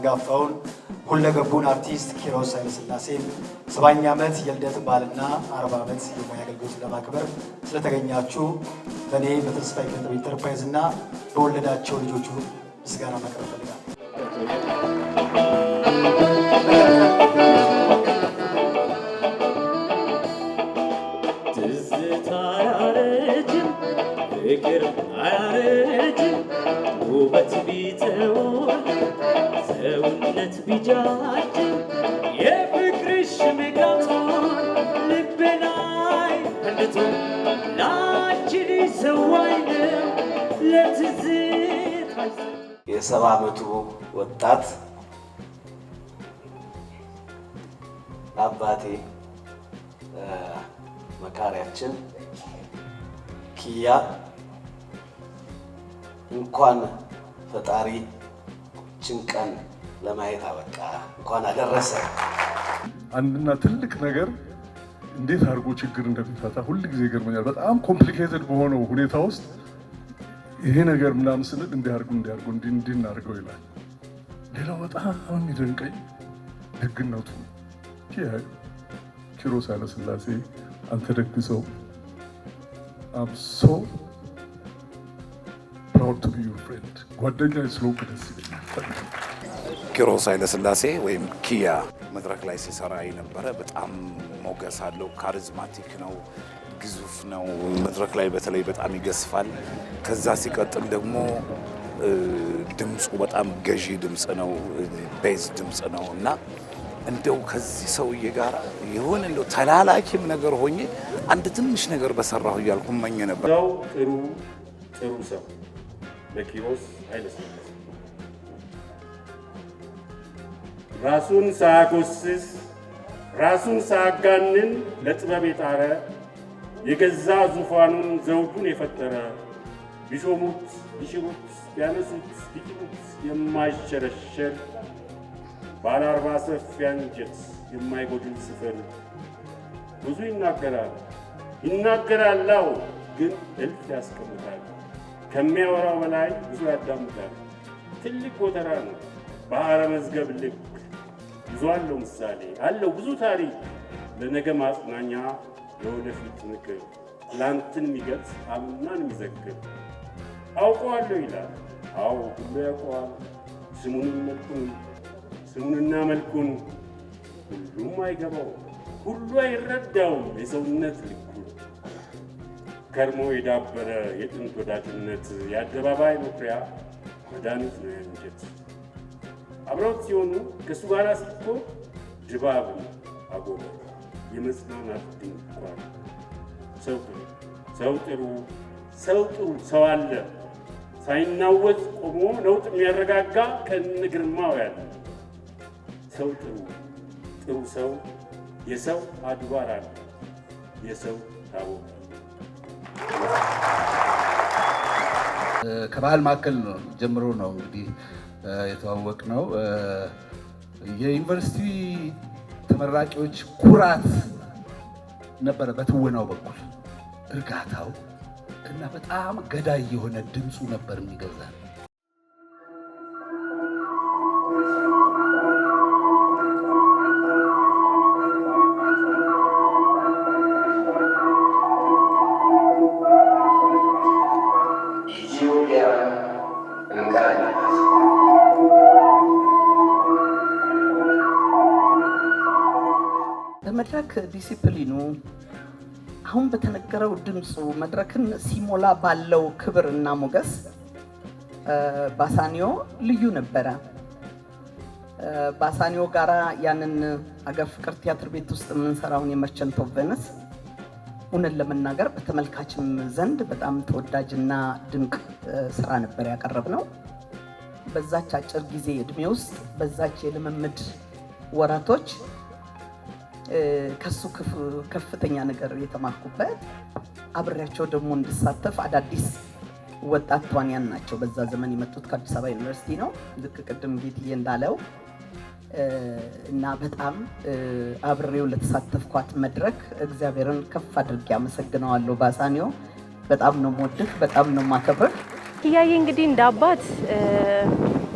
አንጋፋውን ሁለገቡን አርቲስት ኪሮስ ኃይለሥላሴን ሰባኛ ዓመት የልደት በዓልና አርባ ዓመት የሙያ አገልግሎት ለማክበር ስለተገኛችሁ በእኔ በተስፋ ኢንተርፕራይዝ እና በወለዳቸው ልጆቹ ምስጋና ማቅረብ ፈልጋለሁ። በእምነት ቢጃጅ የፍቅርሽ ንጋት ልቤ ላይ ፈንድቶ ላንቺ ሊሰዋኝ ለትዝታ። የሰባ ዓመቱ ወጣት አባቴ መካሪያችን ኪያ እንኳን ፈጣሪ ችን ቀን ለማየት አበቃ። እንኳን አደረሰ። አንድና ትልቅ ነገር እንዴት አድርጎ ችግር እንደሚፈታ ሁል ጊዜ ይገርመኛል። በጣም ኮምፕሊኬትድ በሆነው ሁኔታ ውስጥ ይሄ ነገር ምናምን ስንል እንዲያርጉ እንዲያርጉ እንዲህ እናድርገው ይላል። ሌላው በጣም የሚደንቀኝ ደግነቱ ኪሮስ ኃይለሥላሴ አንተ ደግ ሰው አም ሶ ፕራውድ ቱ ቢ ዩር ፍሬንድ ጓደኛ ስለሆንክ ደስ ይለኛል። ኪሮስ ኃይለስላሴ ወይም ኪያ መድረክ ላይ ሲሰራ የነበረ በጣም ሞገስ አለው። ካሪዝማቲክ ነው፣ ግዙፍ ነው። መድረክ ላይ በተለይ በጣም ይገስፋል። ከዛ ሲቀጥል ደግሞ ድምፁ በጣም ገዢ ድምፅ ነው፣ ቤዝ ድምፅ ነው እና እንደው ከዚህ ሰውዬ ጋር የሆነ እንደው ተላላኪም ነገር ሆኜ አንድ ትንሽ ነገር በሰራሁ እያልኩ መኘ ነበር። ጥሩ ጥሩ ሰው በኪሮስ ኃይለሥላሴ ራሱን ሳያጎስስ ራሱን ሳያጋንን ለጥበብ የጣረ የገዛ ዙፋኑን ዘውዱን የፈጠረ ቢሾሙት ቢሽሩት ቢያነሱት ቢጥሉት የማይሸረሸር ባለ አርባ ሰፊ አንጀት የማይጎድል ስፍር ብዙ ይናገራል ይናገራል፣ አዎ ግን እልፍ ያስቀምጣል። ከሚያወራው በላይ ብዙ ያዳምጣል። ትልቅ ጎተራ ነው በአረ መዝገብ ልብ ብዙ አለው ምሳሌ አለው ብዙ ታሪክ ለነገ ማጽናኛ ለወደፊት ምክር ትላንትን የሚገልጽ አምናን የሚዘግብ አውቀዋለሁ ይላል። አዎ ሁሉ ያውቀዋል ስሙንም መልኩን ስሙንና መልኩን ሁሉም አይገባው ሁሉ አይረዳውም የሰውነት ልኩን ከርሞ የዳበረ የጥንት ወዳጅነት የአደባባይ መኩሪያ መድኃኒት ነው ያንጀት አብረውት ሲሆኑ ከእሱ ጋር ስትሆን ድባብን አጎበ የመጽናናት ድንኳን ሰው ጥሩ ሰው ጥሩ ሰው ጥሩ ሰው አለ ሳይናወጥ ቆሞ ለውጥ የሚያረጋጋ ከነግርማው ያለ ሰው ጥሩ ጥሩ ሰው የሰው አድባር አለ የሰው ታቦ ከባህል ማዕከል ጀምሮ ነው እንግዲህ የተዋወቅ ነው። የዩኒቨርሲቲ ተመራቂዎች ኩራት ነበረ በትወናው በኩል እርጋታው እና በጣም ገዳይ የሆነ ድምፁ ነበር የሚገዛል። መድረክ ዲሲፕሊኑ አሁን በተነገረው ድምፁ መድረክን ሲሞላ ባለው ክብር እና ሞገስ ባሳኒዮ ልዩ ነበረ። ባሳኒዮ ጋራ ያንን አገር ፍቅር ቲያትር ቤት ውስጥ የምንሰራውን የመርቸንት ኦፍ ቬኒስ እውነት ለመናገር በተመልካችም ዘንድ በጣም ተወዳጅና ድንቅ ስራ ነበር ነው። በዛች አጭር ጊዜ እድሜ ውስጥ በዛች የልምምድ ወራቶች ከሱ ከፍተኛ ነገር የተማርኩበት አብሬያቸው ደግሞ እንድሳተፍ አዳዲስ ወጣት ተዋንያን ናቸው። በዛ ዘመን የመጡት ከአዲስ አበባ ዩኒቨርሲቲ ነው። ልክ ቅድም ጌትዬ እንዳለው እና በጣም አብሬው ለተሳተፍኳት መድረክ እግዚአብሔርን ከፍ አድርጌ አመሰግነዋለሁ። ባሳኒዮ በጣም ነው የምወድህ፣ በጣም ነው የማከብርህ። ኪያዬ እንግዲህ እንደ አባት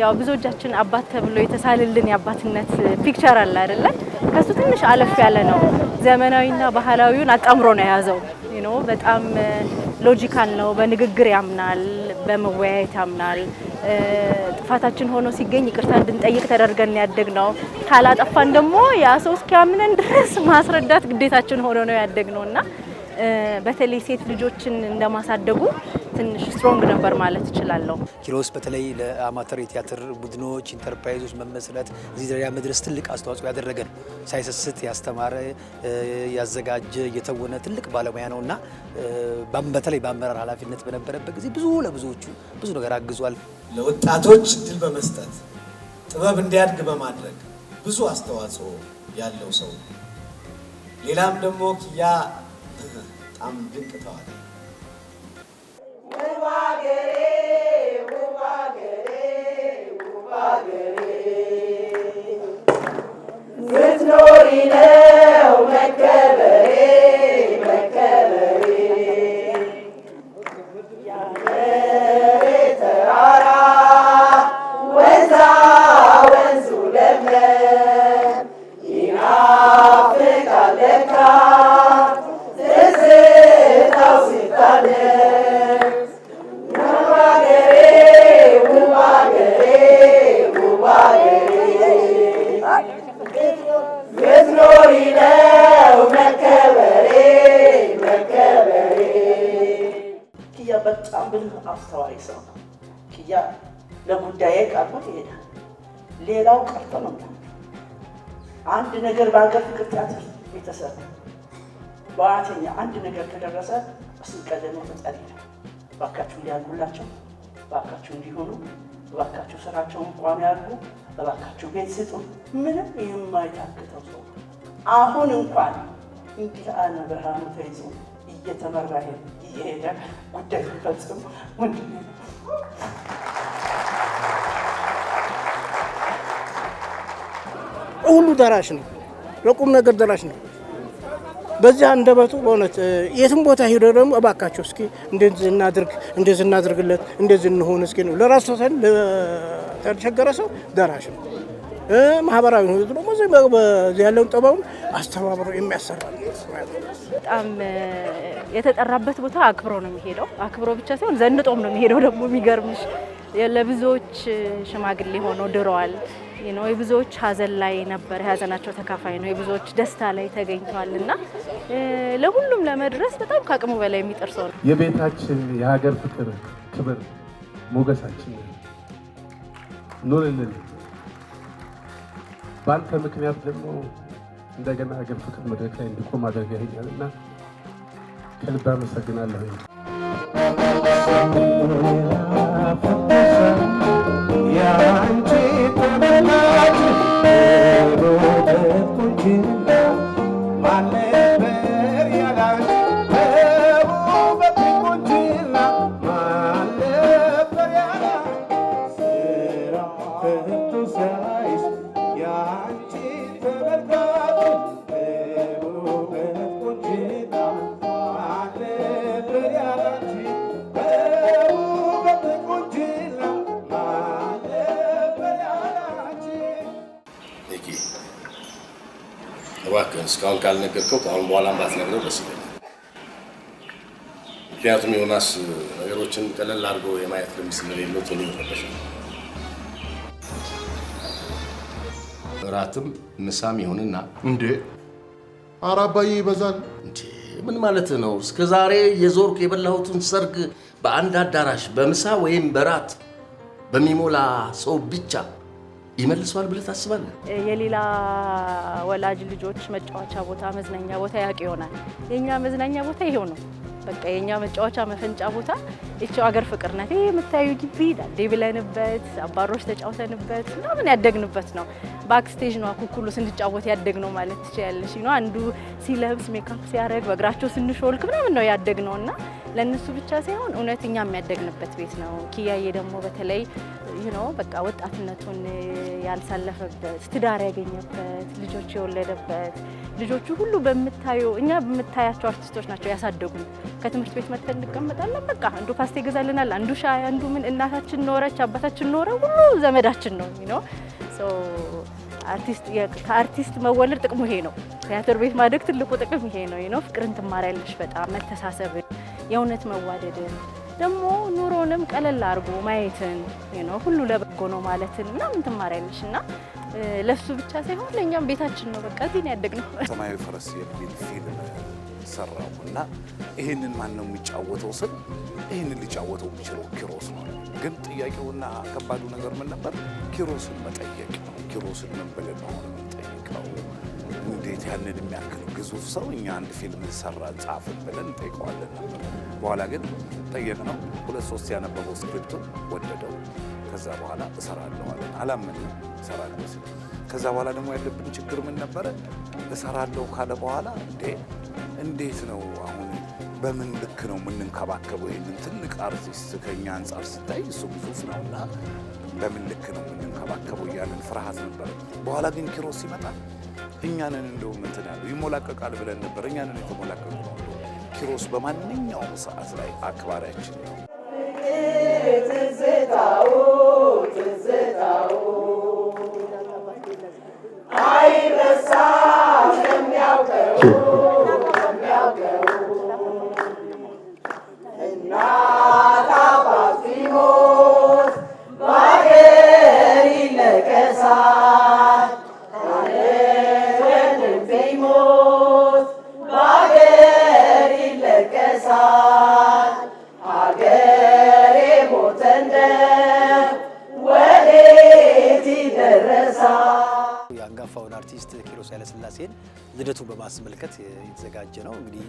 ያው ብዙዎቻችን አባት ተብሎ የተሳልልን የአባትነት ፒክቸር አለ አይደለ? ከሱ ትንሽ አለፍ ያለ ነው። ዘመናዊና ባህላዊውን አጣምሮ ነው የያዘው። በጣም ሎጂካል uh, ነው። በንግግር ያምናል፣ በመወያየት ያምናል። uh, ጥፋታችን ሆኖ ሲገኝ ይቅርታ እንድንጠይቅ ተደርገን ያደግ ነው። ካላጠፋን ደግሞ ያ ሰው እስኪያምነን ድረስ ማስረዳት ግዴታችን ሆኖ ነው ያደግ ነው እና uh, በተለይ ሴት ልጆችን እንደማሳደጉ ትንሽ ስትሮንግ ነበር ማለት እችላለሁ። ኪሮስ በተለይ ለአማተር የቲያትር ቡድኖች፣ ኢንተርፕራይዞች መመስረት እዚህ ደረጃ መድረስ ትልቅ አስተዋጽኦ ያደረገ ነው። ሳይሰስት ያስተማረ፣ ያዘጋጀ፣ የተወነ ትልቅ ባለሙያ ነው እና በተለይ በአመራር ኃላፊነት በነበረበት ጊዜ ብዙ ለብዙዎቹ ብዙ ነገር አግዟል። ለወጣቶች እድል በመስጠት ጥበብ እንዲያድግ በማድረግ ብዙ አስተዋጽኦ ያለው ሰው ሌላም ደግሞ ያ በጣም ድንቅ ተዋለ ስትኖሪ ነው መከበሬ አንድ ነገር በሀገር ፍቅር ቲያትር የተሰራ በዋተኛ አንድ ነገር ከደረሰ እሱን ቀደመ ፈጣሪ ነው። እባካችሁ እንዲያልጉላቸው፣ እባካችሁ እንዲሆኑ፣ እባካችሁ ስራቸውን ቋሚ ያርጉ፣ እባካችሁ ቤት ስጡ። ምንም የማይታክተው ሰው አሁን እንኳን እንዲህ አነ ብርሃኑ ተይዞ እየተመራ እየሄደ ጉዳይ ፈጽሙ ወንድ ሁሉ ደራሽ ነው፣ ለቁም ነገር ደራሽ ነው። በዚህ አንደበቱ በእውነት የትም ቦታ ሄዶ ደግሞ እባካቸው እስኪ እንደዚህ እናድርግ፣ እንደዚህ እናድርግለት፣ እንደዚህ እንሆን እስኪ ነው። ለራሱ ለተቸገረ ሰው ደራሽ ነው። ማህበራዊ ህይወት ደግሞ በዚህ ያለውን ጠባውን አስተባብሮ የሚያሰራ በጣም የተጠራበት ቦታ አክብሮ ነው የሚሄደው። አክብሮ ብቻ ሳይሆን ዘንጦም ነው የሚሄደው። ደግሞ የሚገርምሽ ለብዙዎች ሽማግሌ ሆኖ ድረዋል። ነው። የብዙዎች ሀዘን ላይ ነበር፣ የሀዘናቸው ተካፋይ ነው። የብዙዎች ደስታ ላይ ተገኝተዋል እና ለሁሉም ለመድረስ በጣም ከአቅሙ በላይ የሚጥር ሰው ነው። የቤታችን የሀገር ፍቅር፣ ክብር፣ ሞገሳችን ኑርልን። በአንተ ምክንያት ደግሞ እንደገና ሀገር ፍቅር መድረክ ላይ እንዲቆም አድርገ ይኛል እና ከልብ አመሰግናለሁ። እስካሁን ካልነገርከው ከአሁን በኋላም ባትነግረው ደስ ይለኛል። ምክንያቱም ዮናስ ነገሮችን ቀለል አድርጎ የማየት ልምድ ስለሌለው ቶሎ ይረበሻል። እራትም ምሳም ይሁንና እንዴ አራባዬ ይበዛል እንዴ ምን ማለት ነው? እስከ ዛሬ የዞርኩ የበላሁትን ሰርግ በአንድ አዳራሽ በምሳ ወይም በራት በሚሞላ ሰው ብቻ ይመልሰዋል ብለህ ታስባለህ? የሌላ ወላጅ ልጆች መጫወቻ ቦታ፣ መዝናኛ ቦታ ያውቅ ይሆናል። የእኛ መዝናኛ ቦታ ይሄው ነው። በቃ የእኛ መጫወቻ መፈንጫ ቦታ ይቺው አገር ፍቅር ናት። ይህ የምታዩ ግቢ ዳሌ ብለንበት አባሮች ተጫውተንበት ምናምን ያደግንበት ነው። ባክስቴጅ ነው አኩኩሉ ስንጫወት ያደግ ነው ማለት ትችላለሽ። ነው አንዱ ሲለብስ ሜካፕ ሲያደርግ በእግራቸው ስንሾልክ ምናምን ነው ያደግ ነው እና ለእነሱ ብቻ ሳይሆን እውነት እኛ የሚያደግንበት ቤት ነው። ኪያዬ ደግሞ በተለይ ነው በቃ ወጣትነቱን ያልሳለፈበት ትዳር ያገኘበት ልጆች የወለደበት ልጆቹ ሁሉ በምታዩ እኛ በምታያቸው አርቲስቶች ናቸው ያሳደጉን። ከትምህርት ቤት መጥተን እንቀመጣለን በቃ እንዱ ፓስታ መንግስት ይገዛልናል። አንዱ ሻይ፣ አንዱ ምን እናታችን ኖረች፣ አባታችን ኖረ፣ ሁሉ ዘመዳችን ነው የሚኖ አርቲስት ከአርቲስት መወለድ ጥቅሙ ይሄ ነው። ቲያትር ቤት ማደግ ትልቁ ጥቅም ይሄ ነው ነው ፍቅርን ትማሪያለሽ በጣም መተሳሰብን፣ የእውነት መዋደድን፣ ደግሞ ኑሮንም ቀለል አድርጎ ማየትን ነው ሁሉ ለበጎ ነው ማለትን ምናምን ትማሪያለሽ እና ለሱ ብቻ ሳይሆን ለእኛም ቤታችን ነው። በቃ እዚህ ነው ያደግነው። ሰማያዊ ፈረስ የሚል ፊልም ሰራሁ እና ይህንን ነው የሚጫወተው ስል ይህንን ሊጫወተው የሚችለው ኪሮስ ነው። ግን ጥያቄውና ከባዱ ነገር ምን ነበር? ኪሮስን መጠየቅ ነው። ኪሮስን ምን ብለን ነው የምንጠይቀው? እንዴት ያንን የሚያክል ግዙፍ ሰው እኛ አንድ ፊልም ሰራ ጻፍን ብለን እንጠይቀዋለን ነበር። በኋላ ግን ጠየቅነው። ሁለት ሶስት ያነበበው ስክሪፕቱን ወደደው። ከዛ በኋላ እሰራለሁ አለን። አላመንም እሰራለሁ ሲል ከዛ በኋላ ደግሞ ያለብን ችግር ምን ነበረ? እሰራለሁ ካለ በኋላ እንዴ እንዴት ነው አሁን በምን ልክ ነው የምንንከባከበው? ይህንን ትልቅ አርቲስት ከኛ አንጻር ስታይ እሱ ግዙፍ ነው እና በምን ልክ ነው የምንንከባከበው እያለን ፍርሃት ነበር። በኋላ ግን ኪሮስ ይመጣል እኛንን እንደውም እንትን ያለው ይሞላቀቃል ብለን ነበር። እኛንን የተሞላቀቁ ነው። ኪሮስ በማንኛውም ሰዓት ላይ አክባሪያችን ነው። በማስመልከት የተዘጋጀ ነው። እንግዲህ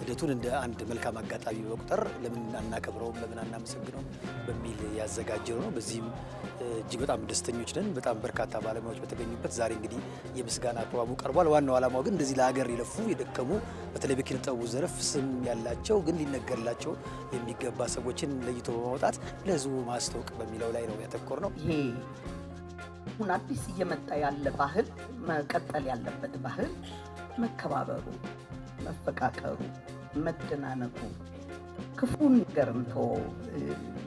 ልደቱን እንደ አንድ መልካም አጋጣሚ በመቁጠር ለምን አናከብረውም፣ ለምን አናመሰግነውም በሚል ያዘጋጀ ነው። በዚህም እጅግ በጣም ደስተኞች ነን። በጣም በርካታ ባለሙያዎች በተገኙበት ዛሬ እንግዲህ የምስጋና ፕሮግራሙ ቀርቧል። ዋናው ዓላማው ግን እንደዚህ ለሀገር የለፉ የደከሙ፣ በተለይ በኪነ ጥበቡ ዘርፍ ስም ያላቸው ግን ሊነገርላቸው የሚገባ ሰዎችን ለይቶ በማውጣት ለህዝቡ ማስተዋወቅ በሚለው ላይ ነው ያተኮር ነው። ይሄ አዲስ እየመጣ ያለ ባህል መቀጠል ያለበት ባህል መከባበሩ፣ መፈቃቀሩ፣ መደናነቁ ክፉን ገርምቶ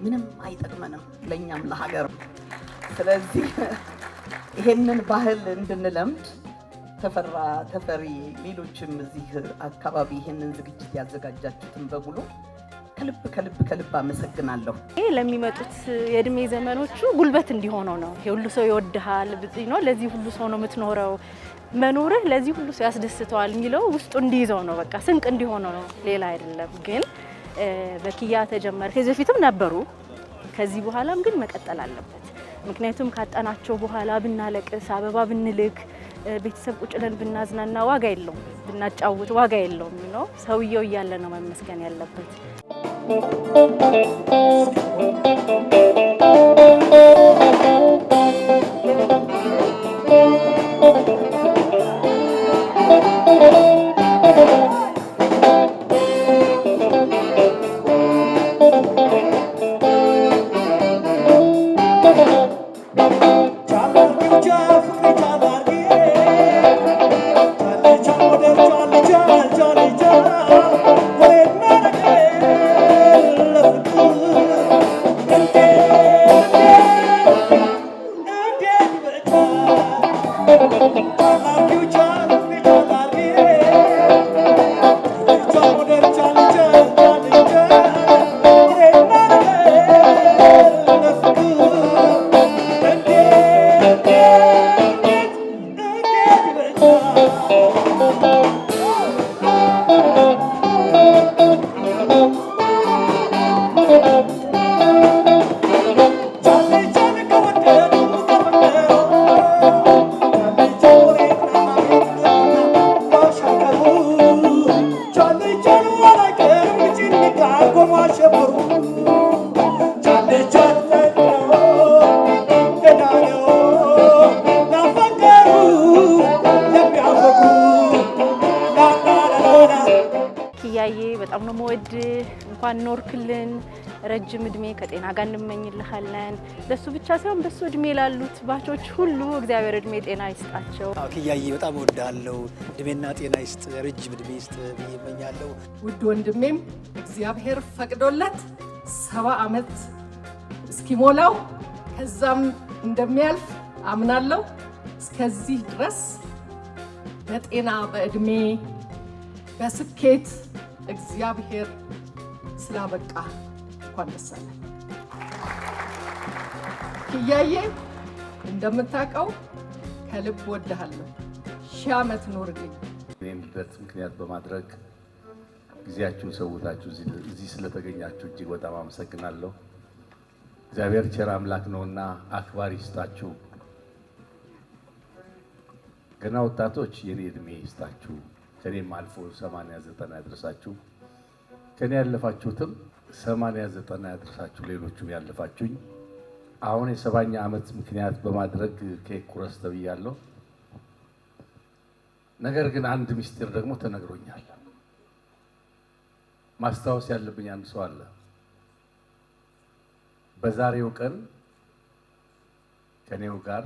ምንም አይጠቅመንም ለእኛም ለሀገርም። ስለዚህ ይሄንን ባህል እንድንለምድ ተፈራ ተፈሪ፣ ሌሎችም እዚህ አካባቢ ይሄንን ዝግጅት ያዘጋጃችሁትን በሙሉ ከልብ ከልብ ከልብ አመሰግናለሁ። ይሄ ለሚመጡት የእድሜ ዘመኖቹ ጉልበት እንዲሆነው ነው። ሁሉ ሰው ይወድሃል ነው ለዚህ ሁሉ ሰው ነው የምትኖረው መኖርህ ለዚህ ሁሉ ያስደስተዋል የሚለው ውስጡ እንዲይዘው ነው። በቃ ስንቅ እንዲሆነ ነው፣ ሌላ አይደለም። ግን በኪያ ተጀመረ። ከዚህ በፊትም ነበሩ፣ ከዚህ በኋላም ግን መቀጠል አለበት። ምክንያቱም ካጣናቸው በኋላ ብናለቅስ፣ አበባ ብንልክ፣ ቤተሰብ ቁጭ ብናዝናና ዋጋ የለውም፣ ብናጫውት ዋጋ የለውም ነው። ሰውየው እያለ ነው መመስገን ያለበት። Thank you. ረጅም እድሜ ከጤና ጋር እንመኝልሃለን። ለሱ ብቻ ሳይሆን በሱ እድሜ ላሉት ባቾች ሁሉ እግዚአብሔር እድሜ ጤና ይስጣቸው። ክያዬ በጣም ወዳለው እድሜና ጤና ይስጥ፣ ረጅም እድሜ ይስጥ ብዬ እመኛለሁ። ውድ ወንድሜም እግዚአብሔር ፈቅዶለት ሰባ ዓመት እስኪሞላው ከዛም እንደሚያልፍ አምናለሁ። እስከዚህ ድረስ በጤና በእድሜ በስኬት እግዚአብሔር ስላበቃ እንኳን ደስ አለህ ክያዬ። እንደምታውቀው ከልብ ወድሃለሁ። ሺህ ዓመት ኖርልኝ። እኔም ምክንያት በማድረግ ጊዜያችሁን ሰውታችሁ እዚህ ስለተገኛችሁ እጅግ በጣም አመሰግናለሁ። እግዚአብሔር ቸር አምላክ ነውና አክባሪ ይስጣችሁ። ገና ወጣቶች የኔ እድሜ ይስጣችሁ፣ ከኔም አልፎ ሰማንያ ዘጠና ያደረሳችሁ ከኔ ያለፋችሁትም ሰማንያ ዘጠና ያደርሳችሁ ሌሎቹም ያለፋችሁኝ አሁን የሰባኛ ዓመት ምክንያት በማድረግ ኬክ ቁረስ ተብያለሁ። ነገር ግን አንድ ምስጢር ደግሞ ተነግሮኛል። ማስታወስ ያለብኝ አንድ ሰው አለ። በዛሬው ቀን ከኔው ጋር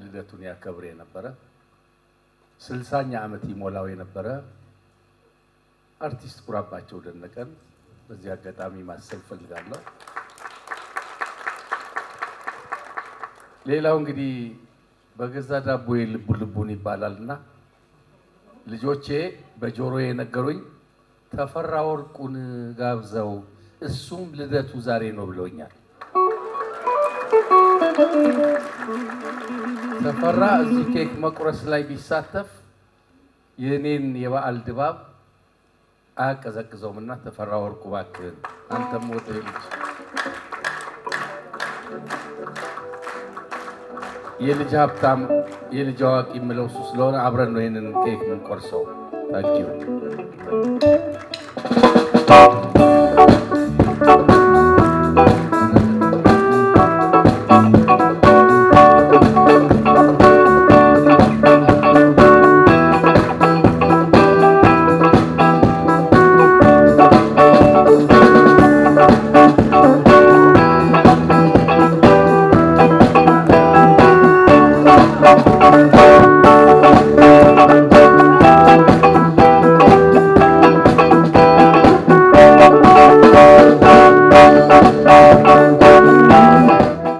ልደቱን ያከብር የነበረ ስልሳኛ ዓመት ይሞላው የነበረ አርቲስት ኩራባቸው ደነቀን በዚህ አጋጣሚ ማሰብ ፈልጋለሁ። ሌላው እንግዲህ በገዛ ዳቦዬ ልቡ ልቡን ይባላል ልጆቼ በጆሮ የነገሩኝ ተፈራ ወርቁን ጋብዘው እሱም ልደቱ ዛሬ ነው ብለውኛል። ተፈራ እዚህ ኬክ መቁረስ ላይ ቢሳተፍ የእኔን የበዓል ድባብ አያቀዘቅዘውምና ተፈራ ወርቁ እባክህን አንተም ወደ ልጅ የልጅ ሀብታም የልጅ አዋቂ የምለው እሱ ስለሆነ አብረን ነው ይህንን ኬክ የምንቆርሰው። ታንኪዩ